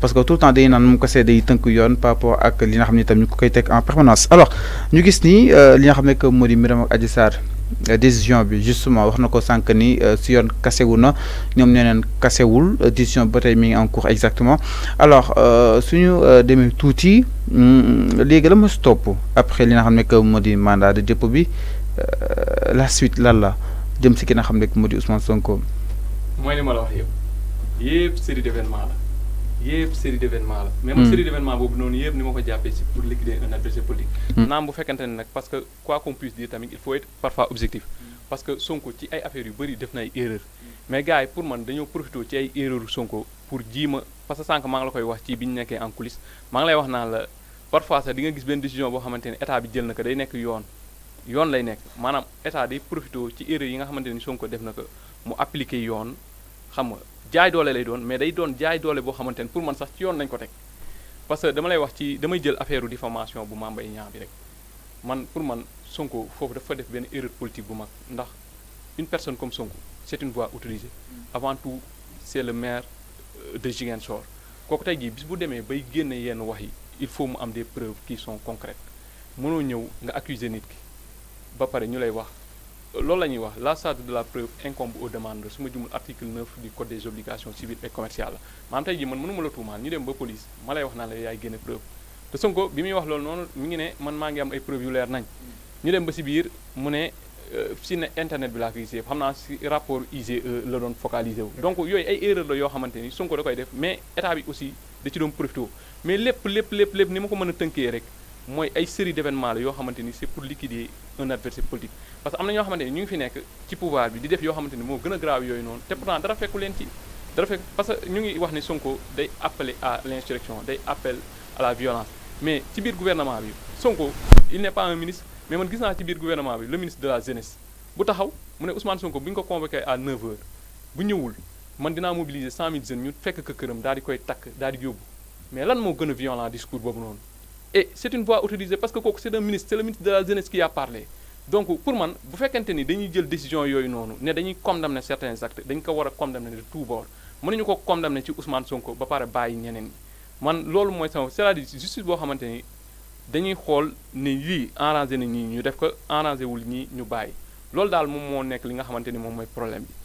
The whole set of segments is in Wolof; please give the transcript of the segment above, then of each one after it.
parce que tout le temps day nan day par rapport ak li nga tam ñu koy tek en permanence alors nous avons ni euh, li nga que que Miram ak que euh, décision bi justement nous avons ni euh, si yoon que décision ba mi en cours exactement alors suñu que touti tout dit si après li nga xamné que mandat de dépôt bi la suite que là jëm dit ki que Ousmane Sonko. moy ni ma wax série yëpp série d' événement la mais man hmm. série d' boobu noonu yëpp ni ma ko jàppee si pour liquider un adversaire politique hmm. naam bu fekkente ne nag parce que quoi parfois objectif parce que Sonko ci ay affaire yu bëri def na ay erreur mais gars yi pour man dañoo profité ci ay erreur Sonko pour jiima parce que sànq maa ngi la koy wax ci bi ñu nekkee en coulisse maa ngi lay wax naan la parfois sax di nga gis benn décision boo xamante ne état bi jël na ko day nekk yoon yoon lay nekk maanaam état day profité ci erreur yi nga xamante ne Sonko def na ko mu yoon xam nga jaay doole lay doon mais day doon jaay doole boo xamante ne pour man sax ci yoon lañ ko teg parce que dama lay wax ci damay jël affaire diffamation bu Mamba Mbaye Niang bi rek man pour man Sonko foofu dafa def benn erreur politique bu mag ndax une personne comme Sonko c'est une voix utilisée mm. avant tout c'est le maire euh, de Ziguinchor kooku tey jii bis bu demee bay génne yenn wax yi il faut mu am des preuves qui sont concrètes mënoo ñëw nga accuser nit ki ba pare ñu lay wax loolu la wax la charge de la preuve incombe au demandeur su ma article 9 du code des obligations civiles et commerciales la maanaam tey jii man mënuma la tuumaal ñu dem ba police ma lay wax naa la yaay génne preuve te Sonko bi muy wax loolu noonu mi ngi ne man ma ngi am ay preuve yu leer nañ ñu dem ba ci biir mu ne ci euh, ne internet bi la fi gisee xam naa si rapport IGE la doon focalisé wu donc yooyu ay erreur la yoo xamante ni Sonko da koy def mais état bi aussi da ci doon profité mais lépp lépp lépp lépp ni ma ko mën a tënkee rek moy ay série d'événements la yoo xamante c'est pour liquider un adversaire politique parce que amna na xamanteni ñu ngi fi nek ci pouvoir bi di def yo xamanteni mo gëna grave yoy non té pourtant dara fekku ci dara fekk parce que ñu ngi wax ni Sonko day appeler à l'insurrection day appel à la violence mais ci biir gouvernement bi Sonko il n'est pas un ministre mais man gis na ci biir gouvernement bi le ministre de la jeunesse bu taxaw mu né Ousmane Sonko bu ñu ko convoquer à 9h bu ñewul man dina mobiliser 100000 jeunes ñu fekk ke kërëm dal di koy tak, dal di yóbbu mais lan mo gëna violent discours bobu non et c'est une voie autorisée parce que c'est un ministre c'est le ministre de la jeunesse qui a parlé donc pour ni dañuy jël décision ne certains actes dañ ko de tout bord ko Ousmane Sonko ba ñeneen man cest la justice que vous avez dañuy xol ni li arrangé ni ñu def ko wul problème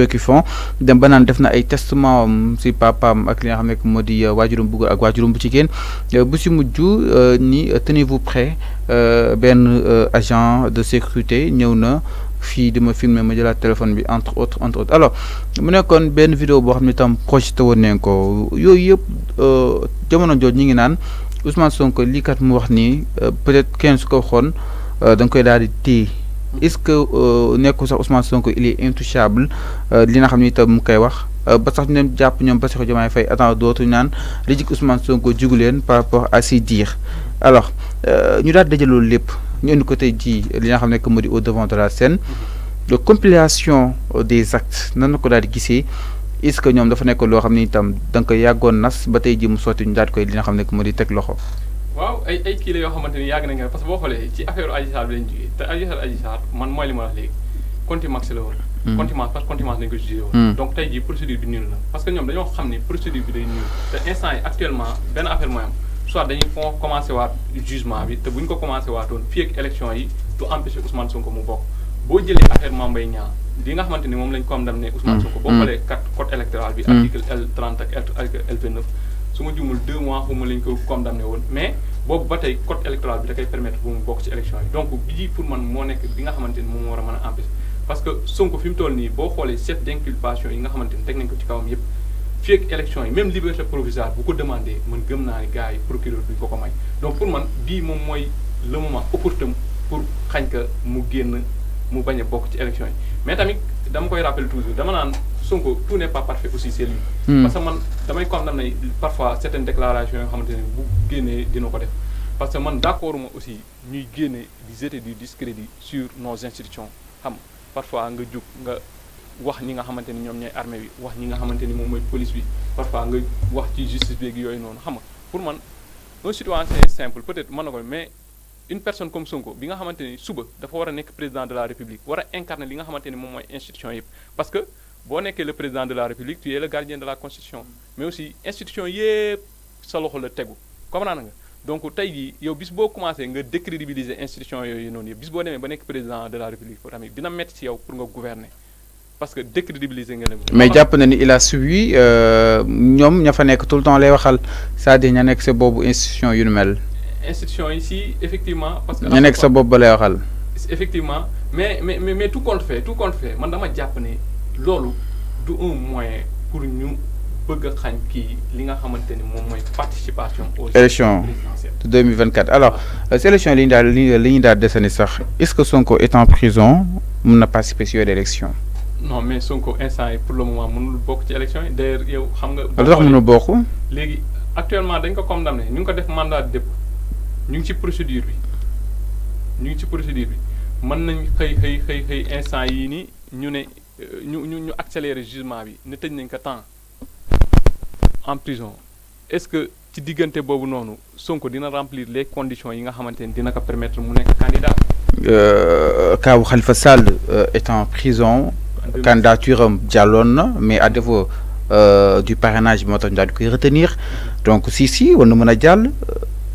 ceux qui font dem banane naan def na ay testament si papaam ak li nga xamné ko modi di euh, waajurum bu ak wajurum bu jigéen euh, bu si mujj euh, ni tenez-vous prêt benn agent de sécurité ñëw na fii di ma filmer ma jëlaat téléphone bi entre autres entre autres alors mu nekkoon ben vidéo bo xam tam projeté woon nañ ko yooyu yëpp jamono jooju ñi ngi nan Ousmane Sonko li kat mu wax nii peut-être 15 ko waxoon da nga koy daal di est-ce que euh, nekkul sax Ousmane Sonko il est intouchable euh, li na xam ni itam mu koy wax euh, ba sax ñoom jàpp ñoom Bassirou Diomaye fay attend dootu naan li jig Ousmane Sonko jigu leen par rapport à ces dires alors ñu daal dajale loolu lépp ñu indi ko tey jii li nga xam ne moo di au devant de la seen de compilation des actes nan na ko daal di gisee est-ce que ñoom dafa nekk loo xam ne itam da koy yàggoon nas ba tey jii mu sotti ñu daal koy li nga xam ne moo di teg loxo. waaw ay kii la yoo xamante ni yàgg nañ ko parce que boo xoolee ci affaire Adji Sarr bi lañ jógee te Adji Sarr Adji Sarr man mooy li ma wax la woon. Hmm. parce que contumace lañ ko jugé woon. Hmm. donc tey jii procédure bi nul la parce que ñoom dañoo xam ni procédure bi day nul te instant yi actuellement benn affaire mooy am soit dañuy fon commencé waat jugement bi te bu ñu ko commencé waatoon fii ak yi du empêcher Ousmane Sonko nga xamante ni moom lañ condamné Ousmane hmm. Sonko boo xoolee kat code électoral bi article woon mais boobu ba tey code électoral bi da koy permettre bu mu bokk ci élection yi donc bii pour man moo nekk bi nga xamante ni moom war a mën a empêcher parce que Sonko fi mu toll nii boo xoolee chef d'inculpation yi nga xamante ni teg nañ ko ci kawam yëpp fii ak élection yi même liberté provisoire bu ko demandé man gëm naa ni gars yi procureur duñ ko ko may donc pour man bii moom mooy le moment opportun pour xañ ka mu génn mu bañ a bokk ci élection yi mais tamit dama koy rappel toujours dama naan Sonko tout n'est pas parfait aussi c'est lui hmm. parce que man damay condamné parfois certaines déclarations yoo xamante ne bu génnee dina ko def parce que man d'accord ma aussi ñuy génne di jeter du discrédit sur nos institutions xam parfois nga jug nga wax ñi nga xamante ni ñoom ñooy armée bi wax ñi nga xamante ni moom mooy police bi parfois nga wax ci justice beeg yooyu noonu xam nga pour man un citoyen simple peut-être mën na ko mais une personne comme Sonko bi nga xamante suba président de la république war incarner li nga xamante ni institution parce que boo nekkee le président de la république tu es le gardien de la constitution mais aussi institution yëpp sa le la tegu nga donc tey jii yow bis boo commencé nga décrédibiliser institution si tu es bis président de la république tamit dina métti ci yow pour nga gouverner parce que décrédibiliser mais jàpp ni il a suivi Nous, euh, ña tout le temps lay waxal c'est-à-dire ña nekk sa institution humaine institution ici, effectivement. parce que ñu nekk sa effectivement mais mais mais tout compte fait tout compte fait man dama jàpp ne loolu du un moyen pour ñu bëgg xañ kii li nga participation. aux élections de 2024 alors euh, c'est élection li linda de li ñu est-ce que Sonko est en prison mun na pas si yooyu non mais Sonko est pour le moment mënul bok ci élection d'ailleurs yow xam nga. lu tax mënul actuellement dañ ko condamné ñu ko def mandat de dépôt ñu ngi ci procédure bi ñu ngi ci procédure bi mën nañ xëy xëy xëy xëy instant yii ni ñu ne euh, ñu ñu ñu accélérer jugement bi ne tëj nañ ko temps en prison est-ce que ci diggante boobu noonu Sonko dina remplir les conditions yi nga xamante ni dina ko permettre mu nekk candidat. Euh, Kaaw Khalifa Sall euh, est en prison. candidature am jàlloon na mais à défaut du parrainage moo tax ñu daal di koy retenir mm-hmm. donc si si war na mën a jàll.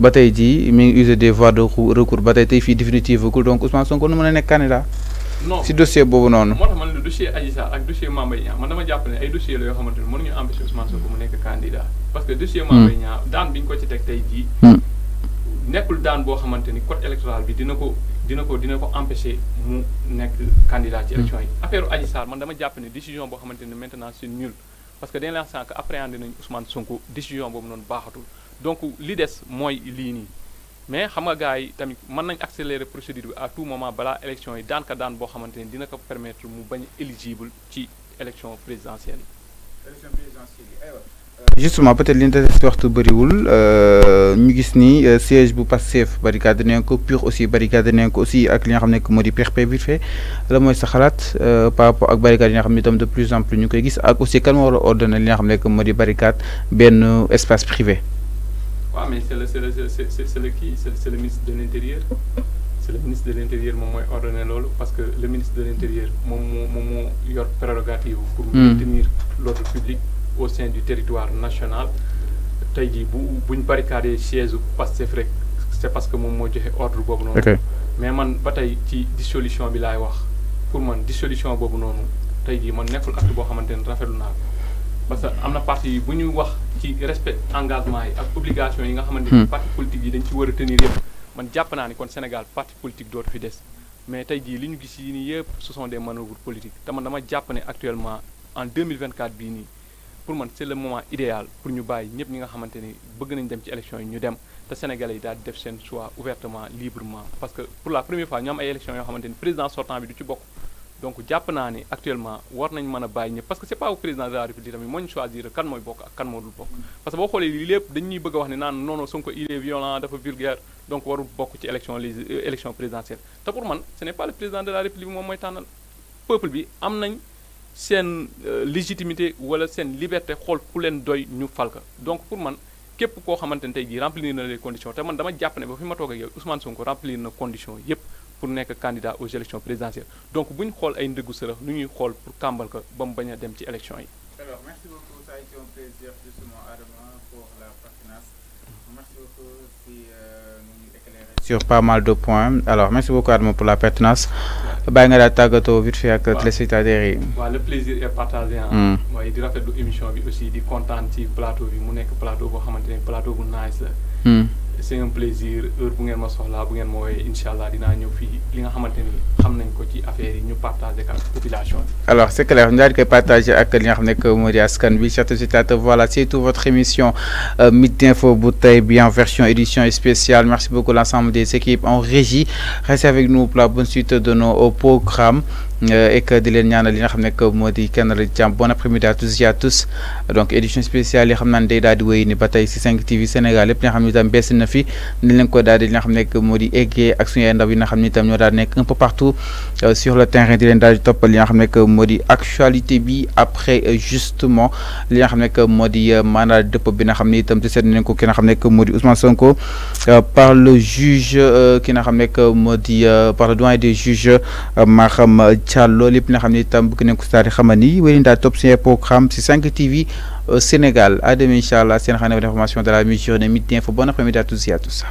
ba tey jii mi ngi usé des voies de recours ba tay tey fii définitive ko donc Ousmane Sonko nu mën nek candidat. non ci dossier bobu non motax man le dossier Adji ak dossier Mamay Mbaye man dama japp ne ay dossier la yo xamanteni ne mënuñu empêcher Ousmane Sonko mu nek candidat. parce que dossier Mamay Mbaye hmm. daan biñ ko ci teg tey jii. Hmm. nekul daan bo xamanteni code électoral bi dina ko dina ko dina ko empêcher mu nek candidat ci hmm. élection yi. affaire Adji Sarr man dama japp ne décision bo xamanteni maintenant c'est nul parce que dès l'instant que appréhender nañu Ousmane Sonko décision boobu noonu baaxatul donc li des mooy lii nii mais xam nga gars yi tamit mën nañ accélérer procédure bi à tout moment bala élection yi daan ka daan boo xamante ni dina ko permettre mu bañ éligible ci élection présidentielle eh justement peut-être li ñu bariwul euh bëriwul ñu gis ni euh, siège bu Pastef barricade nañ ko PUR aussi barricade nañ ko aussi ak li nga xam ko modi di PRP vite fait la mooy sa xalaat euh, par rapport ak barricade yi nga xam tam de plus en plus ñu koy gis ak aussi kan moo war a li nga xam ko modi barricade ben espace privé. Oui, mais c'est le ministre de l'intérieur c'est le ministre de l'intérieur qui a ordonné l'ordre. parce que le ministre de l'intérieur a moo une prérogative pour hmm. maintenir l'ordre public au sein du territoire national Si jii bu buñ barricadé siège passe c'est parce que mon ordonné joxe ordre boobu mais man ba suis ci dissolution bi moi, wax pour la dissolution à noonu tey jii man nekkul pas boo parce que am na parti yi bu ñu wax ci respect engagement yi ak obligation yi nga xamante ni hmm. parti politique yi dañ ci war a tenir yëpp man jàpp naa ni kon Sénégal parti politique dootu fi des mais tey jii li ñu gis yi nii yëpp ce sont des manœuvres politiques te man dama jàpp ne actuellement en 2024 bii nii pour man c'est le moment idéal pour ñu bàyyi ñëpp ñi nga xamante ni bëgg nañ dem ci élection yi ñu dem te Sénégalais yi daal di def seen choix ouvertement donc jàpp naa ni actuellement war nañ mën a bàyyi ñëpp parce que c' est pas au président de la république tamit moo ñu choisir kan mooy bokk ak kan moo dul bokk parce que boo xoolee lii lépp dañuy bëgg a wax ne naan non non il est violent dafa vulgaire donc warul bokk ci élection lég euh, élection présidentielle te pour man ce n' est pas le président de la république moom mooy tànnal peuple bi am nañ seen euh, légitimité wala seen liberté xool ku leen doy ñu fal ka donc pour man képp koo xamante ne tey jii remplir na les conditions jàpp ne ba fi ma toog ak yow Ousmane Sonko remplir na conditions pour être candidat aux élections présidentielles donc si ay Nous pour que alors merci beaucoup ça a été un plaisir justement pour la pertinence merci beaucoup si euh, sur pas mal de points alors merci beaucoup pour la pertinence vite fait le plaisir est partagé il hein. hmm. de émission aussi ci plateau plateau c'est un plaisir heure bu ngeen ma soxla bu ngeen ma wooyee inshallah dina dinaa ñëw fii li nga xamante ni xam nañ ko ci affaire yi ñu partagé ak population alors c'est clair ñu daal partager koy ak li nga xam ne moo askan bi chers téléspectateurs voilà c'est tout votre émission euh, Midi Info bu tay bi en version édition spéciale merci beaucoup l'ensemble des équipes en régie restez avec nous pour la bonne suite de nos programmes et que di leen ñaanal li nga xamné que modi di kenn la bon après-midi à tous et à tous donc édition spéciale li xamna naa daal di wéy ni ba tey si 5 TV Sénégal lépp nga xamni tam itam na fi ni leen ko daal di nga xamné que modi di eggee ak suñu ay ndaw yi nga xamni tam ñoo daal nekk un peu partout sur le terrain di leen daal di topal li nga xamné que modi actualité bi après justement li nga xamné que modi di de dëpp bi nga xamni tam ci sét seet ko ki nga que modi Ousmane Sonko par le juge ki nga xam que modi di par le doyen des juges Maham Diallo lépp na xam ne itam bëgg ko saari xamal ni wéy programme c 5 TV Sénégal à demain incha allah seen information de la mission de midi info bon après-midi à à tous.